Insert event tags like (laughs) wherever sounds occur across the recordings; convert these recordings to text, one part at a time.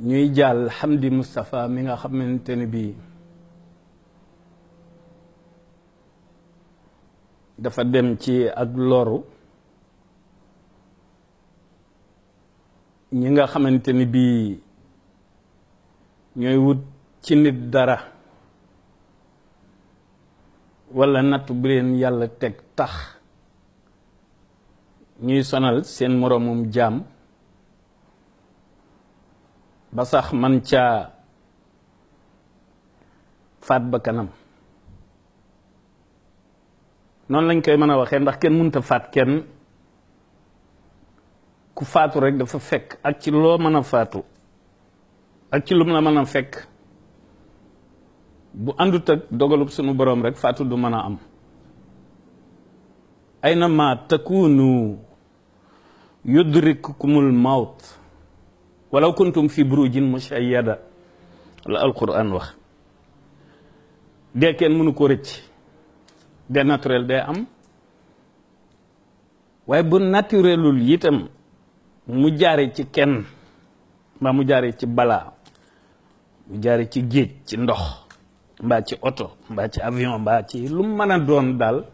ñuy jàll Hamdi Moustapha mi nga xamante ne bii dafa dem ci ak loru ñi nga xamante ni bii ñooy wut ci nit dara walla natt bu leen yàlla teg tax ñuy sonal seen moroomum jaam ba sax man caa faat ba kanam noonu lañ koy mën a waxee ndax kenn mënta faat kenn ku faatu rek dafa fekk ak ci loo mën a faatu ak ci lum na mën a fekk bu àndut ak sunu boroom rek faatu du mën a am ay na aynama takunu yudrikkumul mawt walaw kuntum fi burujin mushayyada la alquran wax dee kenn mënu ko rëcc dee naturel day am waaye bu naturelul itam mu jaare ci kenn mbaa mu jaare ci balaa mu jaare ci géej ci ndox mbaa ci oto mbaa ci avion mbaa ci lu mën a doon daal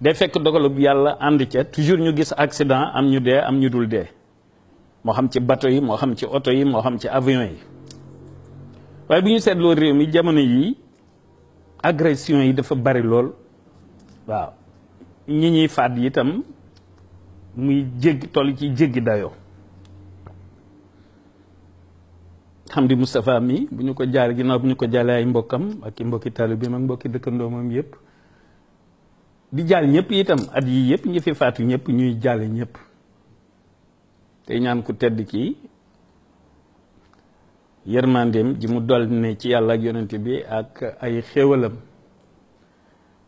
day fekk dogalub yàlla ànd ca toujours ñu gis accident am ñu dee am ñu dul dee moo xam ci bateau yi moo xam ci oto yi moo xam ci avion yi waaye bu ñu seetloo réew mi jamono yi agression yi dafa bari lool waaw ñi ñuy faat itam muy jéggi toll ci jéggi dayoo xam di Moustapha mi bu ñu ko jaar ginnaaw bu ñu ko jaalee ay mbokkam ak i mbokki taalibeem ak mbokki dëkkandoo moom yëpp di jaal ñëpp itam at yi yëpp ñi fi faatu ñëpp ñuy jaale ñëpp tey ñaan ku tedd ki yërmandeem ji mu dolli ne ci yàlla ak yonent bi ak ay xéewalam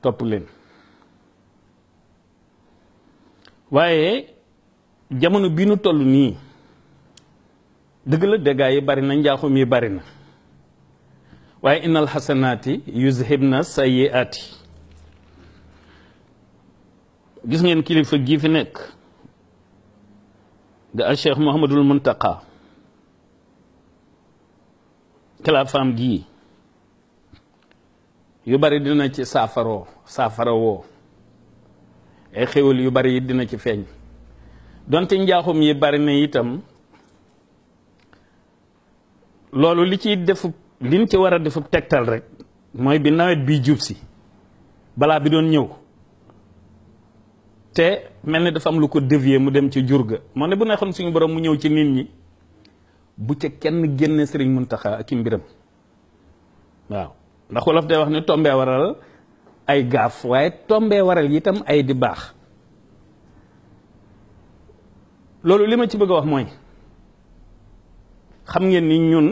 topp leen waaye jamono bi nu toll nii dëgg la dégâts yi bari na njaaxum yi bari na waaye innal xasanaati yuzhibna sayyiaati gis ngeen kilifa gi fi nekk da al cheikh Mouhamadul Muntaqa kalaafam gii yu bari dina ci saafaroo saafara woo ay xéwal yu bari yi dina ci feeñ donte njaaxum yi bari na itam loolu li ciy defub liñ ci war a defub tegtal rek mooy bi nawet bi jub si balaa bi doon ñëw te mel ni dafa am lu ko dévier mu dem ci jur ga moo ne bu neexoon suñu boroom mu ñëw ci nit ñi bu ca kenn génne sëriñ Muntaxa ak i mbiram waaw ndax wolof day wax ne tombe waral ay gaaf waaye tombee waral itam ay di baax loolu li ma ci bëgg a wax mooy xam ngeen ni ñun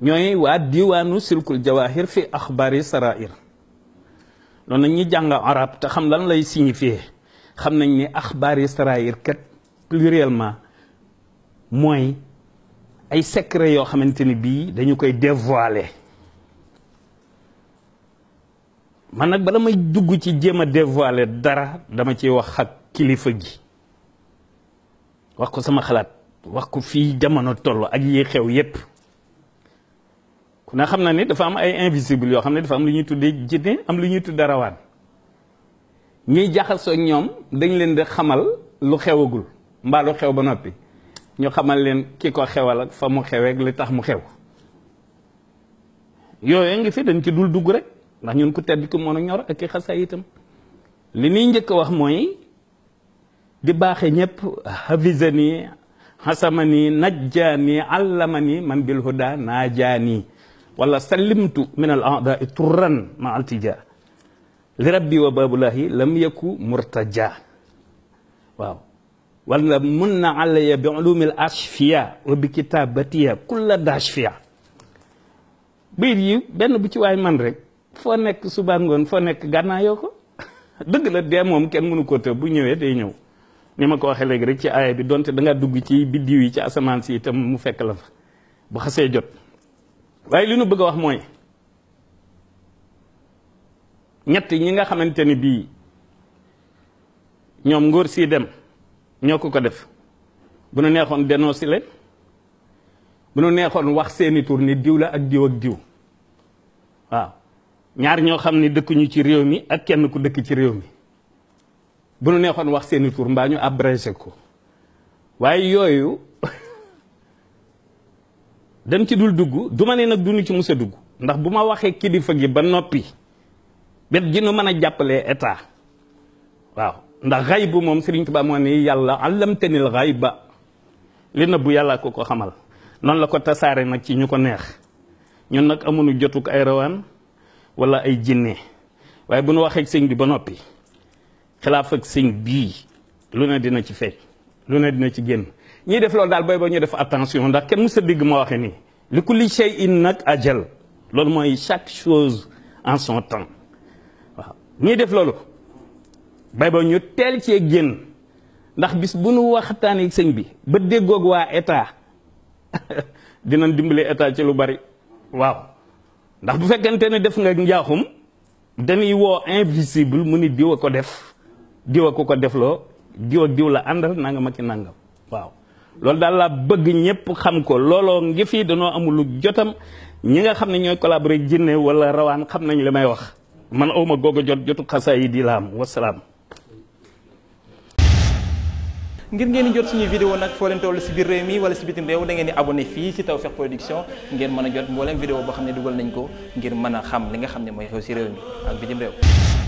ñooy waa diwaanu silkul jawahir fi axbaari sarair loolu nag ñi jàng arab te xam lan lay signifier xam nañ ni axbaar israël kat pluriellement mooy ay secret yoo xamante ni bii dañu koy dévoiler man nag bala may dugg ci jéem a dévoiler dara dama ci wax ak kilifa ji wax ko sama xalaat wax ko fii jamono toll ak yi xew yépp ku ne xam na ni dafa am ay invisible yoo xam ne dafa am lu ñuy tuddee jinne am lu ñuy tuddee darawaan ñuy jaxasoo ak ñoom dañ leen di xamal lu xewagul mbaa xew ba noppi ñu xamal leen ki ko xewal ak fa mu xewee li tax mu xew yooyu ngi fi dañ ci dul dugg rek ndax ñun ku tedd ku mën a ñor ak i xasaay itam li ñuy njëkk a wax mooy di baaxe ñëpp hafizani hasamani najjaani allamani man bil huda nii wala sallimtu min al aadai turran ma altija li rabbi wa baabulaahi lam yaku murtaja waaw wala mun na alaya bi ulumi al ashfiya wa bi kitabatiya kulla dashfiya bayit yi benn bu ci waay man rek foo nekk suba ngoon foo nekk gànnaayoo ko (laughs) dëgg la dee moom kenn mënu ko tëb bu ñëwee day ñëw ni ma ko waxee léegi rek ci aaya bi donte da nga dugg ci biddiw yi ci asamaan si itam mu fekk la fa bu xasee jot waaye li nu bëgg a wax mooy ñett ñi nga xamante ni bii ñoom ngóor sii dem ñoo ko ko def bu nu neexoon dénoncé leen bu nu neexoon wax seeni tur ni diw la ak diw ak diw waaw ñaar ñoo xam ni dëkkuñu ci réew mi ak kenn ku dëkk ci réew mi bu nu neexoon wax seeni tur mbaa ñu abrégé ko waaye yooyu dem ci dul dugg du ma ne nag duñu ci mus a dugg ndax bu ma waxee kilifa gi ba noppi bet gi nu mën a jàppalee état waaw ndax xay bu moom Sëriñ Tuubaa moo ne yàlla allamtenil xay ba li nëbbu yàlla ko ko xamal noonu la ko tasaare nag ci ñu ko neex ñun nag amuñu jotuk ay rawaan wala ay jinne waaye bu nu waxee ak sëñ bi ba noppi xilaaf ak sëñ bii lu ne dina ci feeñ lu ne dina ci génn ñiy def loolu daal bay ba ñu def attention ndax kenn mës a dégg ma waxee nii li ku li shay in nag ajal loolu mooy chaque chose en son temps waaw ñiy def loolu bay ba ñu teel cee génn ndax bis bu nu waxtaanee sëñ bi ba déggoog waa état (laughs) dina dimbali état ci lu bari waaw ndax bu fekkente ne def nga njaaxum dañuy woo invisible mu ni diw a ko def diw a ko ko defloo diw ak diw la àndal nangam ak i nangam waaw loolu daal laa bëgg ñëpp xam ko looloo ngi fi danoo amul lu jotam ñi nga xam ne ñooy collaboré jinne wala rawaan xam nañ li may wax man awma googu jot jotu xasaay yi di laam wasalaam. ngir ngeen di jot suñuy vidéo nag foo leen toll si biir réew mi wala si bitim réew da ngeen di abonné fii si taw Tawfekh Production ngeen mën a jot mbooleem vidéo boo xam ne dugal nañ ko ngir mën a xam li nga xam ne mooy xew si réew mi ak bitim réew.